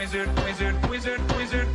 wizard, wizard, wizard, wizard,